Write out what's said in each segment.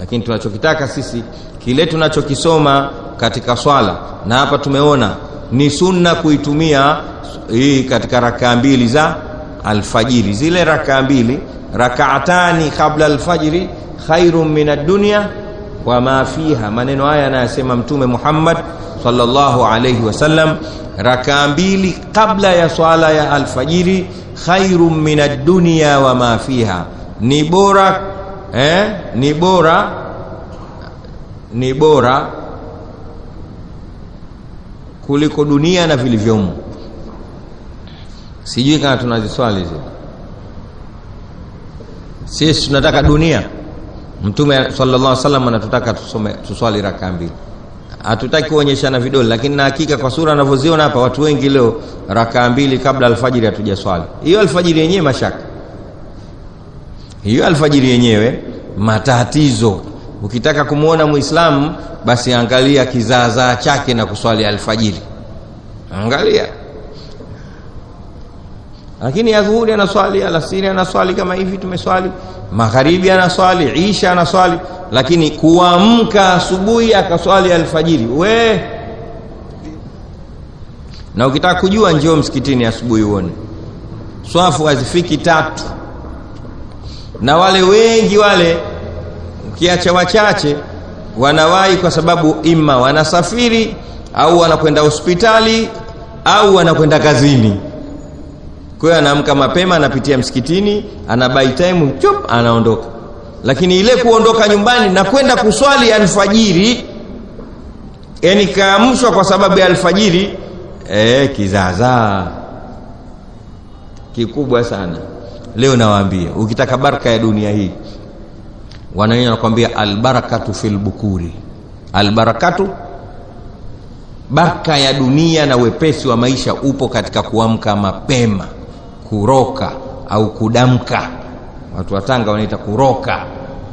Lakini tunachokitaka sisi kile tunachokisoma katika swala, na hapa tumeona ni sunna kuitumia hii katika rakaa mbili za alfajiri, zile rakaa mbili, rakaatani kabla alfajiri khairun min ad-dunya wa ma fiha. Maneno haya anayasema Mtume Muhammad sallallahu alayhi wasallam, rakaa mbili kabla ya swala ya alfajiri, khairun min ad-dunya wa ma fiha, ni bora eh, ni bora ni bora kuliko dunia na vilivyomo. Sijui kama tunaziswali hizo. Sisi tunataka dunia. Mtume sallallahu alaihi wasallam anatutaka tusome tuswali raka mbili. Hatutaki kuonyeshana vidole, lakini na hakika kwa sura anavyoziona hapa, watu wengi leo raka mbili kabla alfajiri hatujaswali. Hiyo alfajiri yenyewe mashaka hiyo alfajiri yenyewe matatizo. Ukitaka kumwona Muislamu basi angalia kizaazaa chake na kuswali alfajiri, angalia. Lakini adhuhuri anaswali, alasiri anaswali, kama hivi tumeswali, magharibi anaswali, isha anaswali, lakini kuamka asubuhi akaswali alfajiri we. Na ukitaka kujua, njio msikitini asubuhi uone swafu hazifiki tatu na wale wengi wale, ukiacha wachache, wanawahi kwa sababu ima wanasafiri au wanakwenda hospitali au wanakwenda kazini. Kwa hiyo anaamka mapema, anapitia msikitini, ana buy time, chup, anaondoka. Lakini ile kuondoka nyumbani na kwenda kuswali alfajiri, yani kaamshwa kwa sababu ya alfajiri, eh kizaazaa kikubwa sana. Leo nawaambia ukitaka baraka ya dunia hii, wanani wanakuambia albarakatu fil bukuri, albarakatu, baraka ya dunia na wepesi wa maisha upo katika kuamka mapema, kuroka au kudamka. Watu wa Tanga wanaita kuroka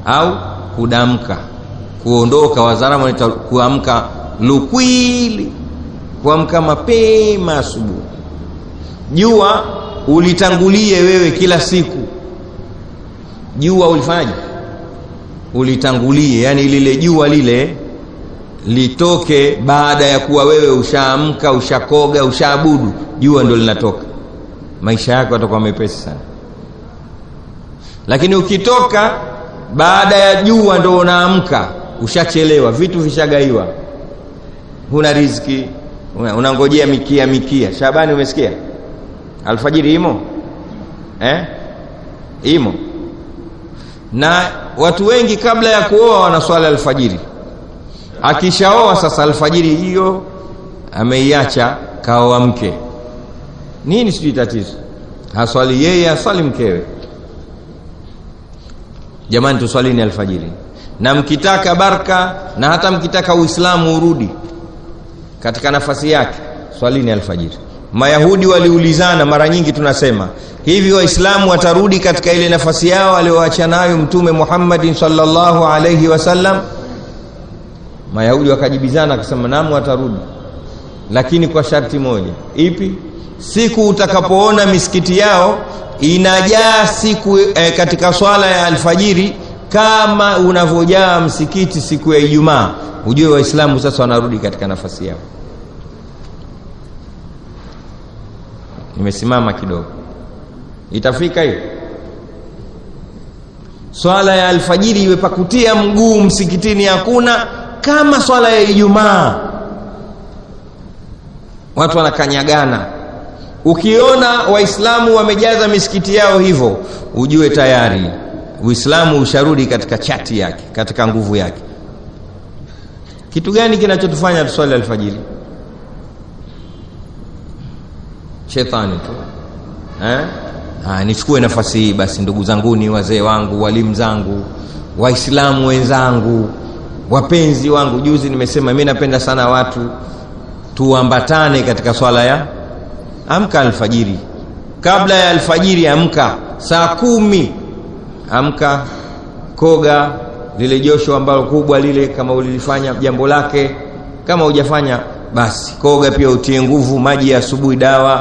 au kudamka, kuondoka. wazaramu wanaita kuamka lukwili, kuamka mapema asubuhi, jua ulitangulie wewe kila siku jua ulifanyaje ulitangulie, yani lile jua lile litoke baada ya kuwa wewe ushaamka, ushakoga, ushaabudu, jua ndo linatoka. Maisha yako yatakuwa mepesi sana. Lakini ukitoka baada ya jua ndo unaamka, ushachelewa, vitu vishagaiwa, huna riziki, unangojea mikia mikia. Shabani, umesikia? alfajiri imo eh? imo na watu wengi kabla ya kuoa wanaswali alfajiri akishaoa sasa alfajiri hiyo ameiacha kaoa mke nini sio tatizo haswali yeye aswali mkewe jamani tuswalini alfajiri na mkitaka baraka na hata mkitaka uislamu urudi katika nafasi yake swalini alfajiri Mayahudi waliulizana mara nyingi, tunasema hivi, Waislamu watarudi katika ile nafasi yao aliyoacha nayo Mtume Muhammadin sallallahu alaihi wasallam? Mayahudi wakajibizana, akasema namu, watarudi, lakini kwa sharti moja. Ipi? Siku utakapoona misikiti yao inajaa siku eh, katika swala ya alfajiri kama unavyojaa msikiti siku ya Ijumaa, ujue Waislamu sasa wanarudi katika nafasi yao. nimesimama kidogo, itafika hiyo swala ya alfajiri iwe pakutia mguu msikitini hakuna, kama swala ya Ijumaa watu wanakanyagana. Ukiona Waislamu wamejaza misikiti yao hivyo, ujue tayari Uislamu usharudi katika chati yake, katika nguvu yake. Kitu gani kinachotufanya tuswali alfajiri? shetani tu eh? Ah, nichukue nafasi hii basi, ndugu zanguni, wazee wangu, walimu zangu, waislamu wenzangu, wapenzi wangu. Juzi nimesema mimi napenda sana watu tuambatane katika swala ya amka alfajiri. Kabla ya alfajiri, amka saa kumi, amka koga lile josho ambalo kubwa lile, kama ulilifanya jambo lake, kama hujafanya basi koga pia utie nguvu, maji ya asubuhi dawa.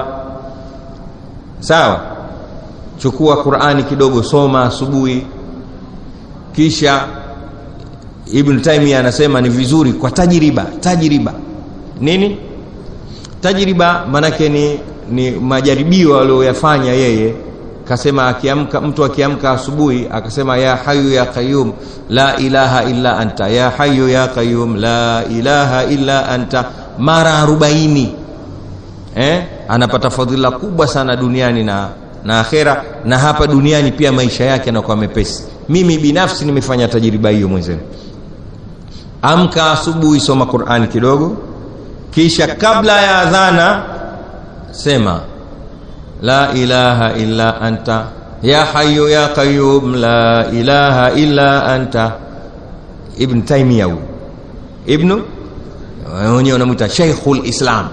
Sawa, chukua Qur'ani kidogo, soma asubuhi. Kisha Ibn Taymiyyah anasema ni vizuri kwa tajriba Tajiriba nini? Tajiriba manake ni, ni majaribio aliyoyafanya yeye Kasema akiamka mtu akiamka asubuhi akasema, ya hayu ya qayyum la ilaha illa anta, ya hayu ya qayyum la ilaha illa anta mara 40 eh? Anapata fadhila kubwa sana duniani na, na akhera, na hapa duniani pia maisha yake yanakuwa mepesi. Mimi binafsi nimefanya tajiriba hiyo mwenzenu. Amka asubuhi, soma Qur'ani kidogo, kisha kabla ya adhana sema la ilaha illa anta ya hayyu ya qayyum la ilaha illa anta. Ibn taymiyah Ibn wenyewe wanamuita Sheikhul Islam.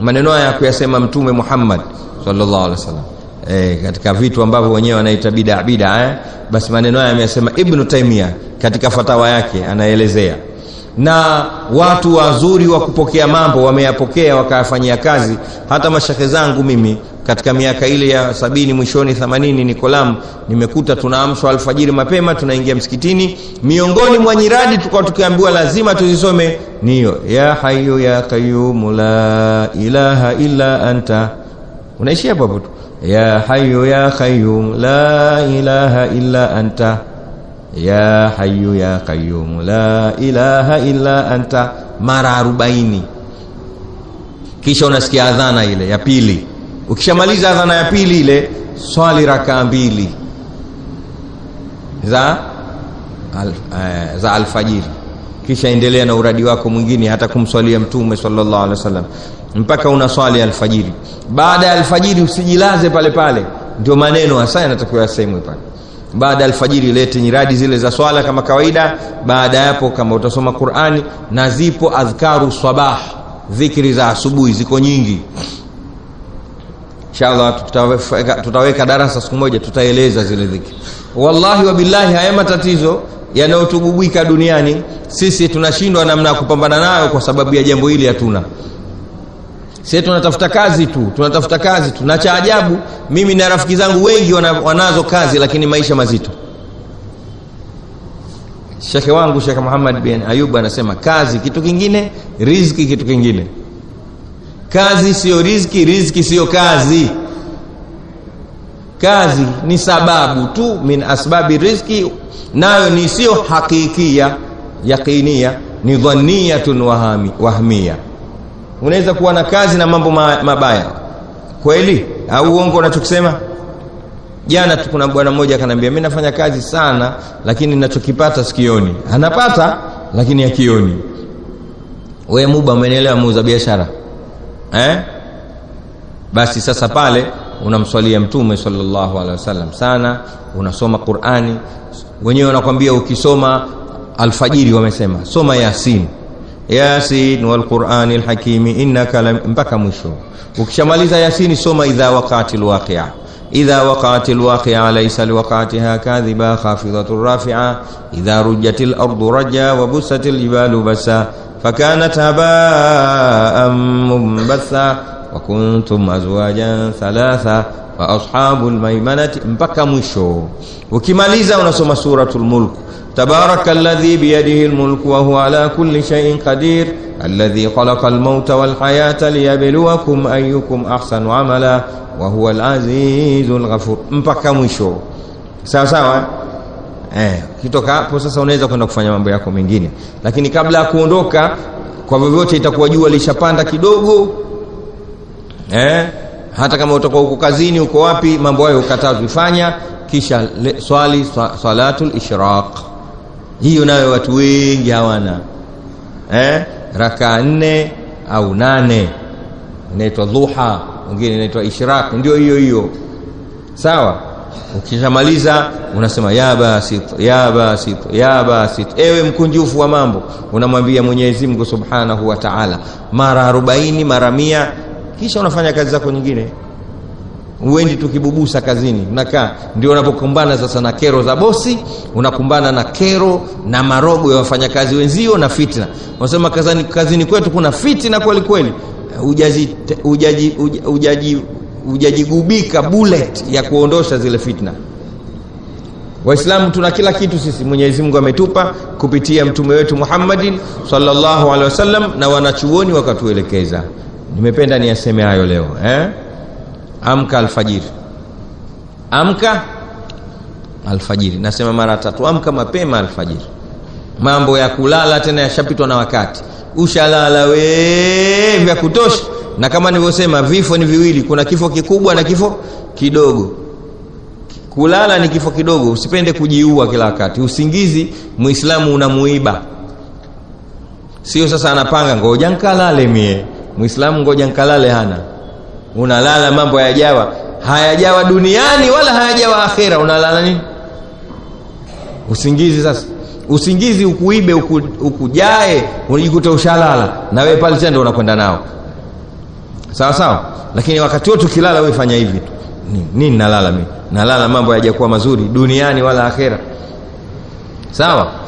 Maneno haya kuyasema Mtume Muhammad sallallahu alaihi wasallam E, katika vitu ambavyo wenyewe wanaita bida bida eh? Basi maneno haya ameyasema Ibnu Taimia katika fatawa yake, anaelezea na watu wazuri wa kupokea mambo wameyapokea wakayafanyia kazi. Hata mashekhe zangu mimi katika miaka ile ya sabini mwishoni 80 niko Lamu, nimekuta tunaamshwa alfajiri mapema, tunaingia msikitini. Miongoni mwa nyiradi tukawa tukiambiwa lazima tuzisome niyo ya hayu ya qayyum la ilaha illa anta, unaishia hapo hapo tu, ya hayu ya qayyum la ilaha illa anta ya hayu ya kayumu la ilaha illa anta mara arobaini. Kisha unasikia adhana ile ya pili. Ukishamaliza adhana ya pili ile, swali rakaa mbili za, al, eh, za alfajiri, kisha endelea na uradi wako mwingine hata kumswalia Mtume sallallahu alaihi wasallam mpaka unaswali alfajiri. Baada ya alfajiri usijilaze pale pale, ndio maneno hasa yanatakiwa yasemwe pale baada alfajiri, lete nyiradi zile za swala kama kawaida. Baada yapo, kama utasoma Qur'ani, na zipo adhkaru sabah, dhikri za asubuhi ziko nyingi. Inshallah tutaweka, tutaweka darasa siku moja, tutaeleza zile dhikri. Wallahi wa billahi, haya matatizo yanayotugubika duniani sisi tunashindwa namna ya kupambana nayo, kwa sababu ya jambo hili hatuna sisi tunatafuta kazi tu, tunatafuta kazi tu, na cha ajabu mimi na rafiki zangu wengi wanazo kazi lakini maisha mazito. Shekhe wangu shekh Muhammad bin Ayub anasema kazi kitu kingine, riziki kitu kingine. Kazi siyo riziki, riziki siyo kazi. Kazi ni sababu tu, min asbabi riziki, nayo ni siyo hakikia yakinia, ni dhaniyatun wahmia unaweza kuwa na kazi na mambo mabaya kweli au uongo unachokisema jana tu kuna bwana mmoja akanambia mimi nafanya kazi sana lakini ninachokipata sikioni anapata lakini akioni we muba umeelewa muuza biashara eh? basi sasa pale unamswalia mtume sallallahu alaihi wasallam sana unasoma qurani wenyewe wanakwambia ukisoma alfajiri wamesema soma yasin yasin walqurani lhakimi innaka la mpaka mwisho ukishamaliza ياسين soma إذا وقعت الواقعة إذا وقعت الواقعة ليس لوقعتها كاذبة خافضة رافعة إذا رجت الأرض رجا وبست الجبال بسا فكانت هباء منبثا وكنتم أزواجا ثلاثة وأصحاب الميمنة مبكا مشو ليزا ونسوم سورة الملك تبارك الذي بيده الملك وهو على كل شيء قدير الذي خلق الموت والحياة ليبلوكم أيكم أحسن عملا وهو العزيز الغفور مبكا مشو سوا سوا eh, kitoka hapo sasa unaweza kwenda kufanya mambo yako mengine lakini kabla ya kuondoka kwa vyovyote itakuwa jua lishapanda kidogo eh? Hata kama utakuwa uko kazini, uko wapi, mambo hayo ukatazwi, fanya kisha le, swali salatul ishraq. Hiyo nayo watu wengi hawana eh? Rakaa nne au nane inaitwa dhuha, wengine inaitwa ishraq, ndio hiyo hiyo sawa. Ukishamaliza unasema ya basit ya basit ya basit, ewe mkunjufu wa mambo, unamwambia Mwenyezi Mungu Subhanahu wa Ta'ala mara 40 mara mia kisha unafanya kazi zako nyingine, uendi tukibubusa kazini, nakaa ndio unapokumbana sasa na kero za bosi, unakumbana na kero na marogo ya wafanyakazi wenzio na fitna. Unasema kazini, kazini kwetu kuna fitna kweli kweli, hujajigubika bullet ya kuondosha zile fitna. Waislamu tuna kila kitu sisi, Mwenyezi Mungu ametupa kupitia mtume wetu Muhammadin sallallahu alaihi wasallam, na wanachuoni wakatuelekeza Nimependa niyaseme hayo leo eh? Amka alfajiri, amka alfajiri, nasema mara tatu, amka mapema alfajiri. Mambo ya kulala tena yashapitwa na wakati, ushalala we vya kutosha. Na kama nilivyosema, vifo ni viwili, kuna kifo kikubwa na kifo kidogo. Kulala ni kifo kidogo, usipende kujiua kila wakati. Usingizi Muislamu unamuiba, sio sasa anapanga ngoja nkalale mie Muislamu ngoja nkalale, hana unalala mambo yajawa hayajawa duniani wala hayajawa akhera, unalala nini? Usingizi sasa, usingizi ukuibe ukujae, unajikuta ushalala na wewe pale tendo unakwenda nao sawa sawa. Lakini wakati wote ukilala wewe fanya hivi tu, nini nalala mimi, nalala mambo hayajakuwa mazuri duniani wala akhera, sawa.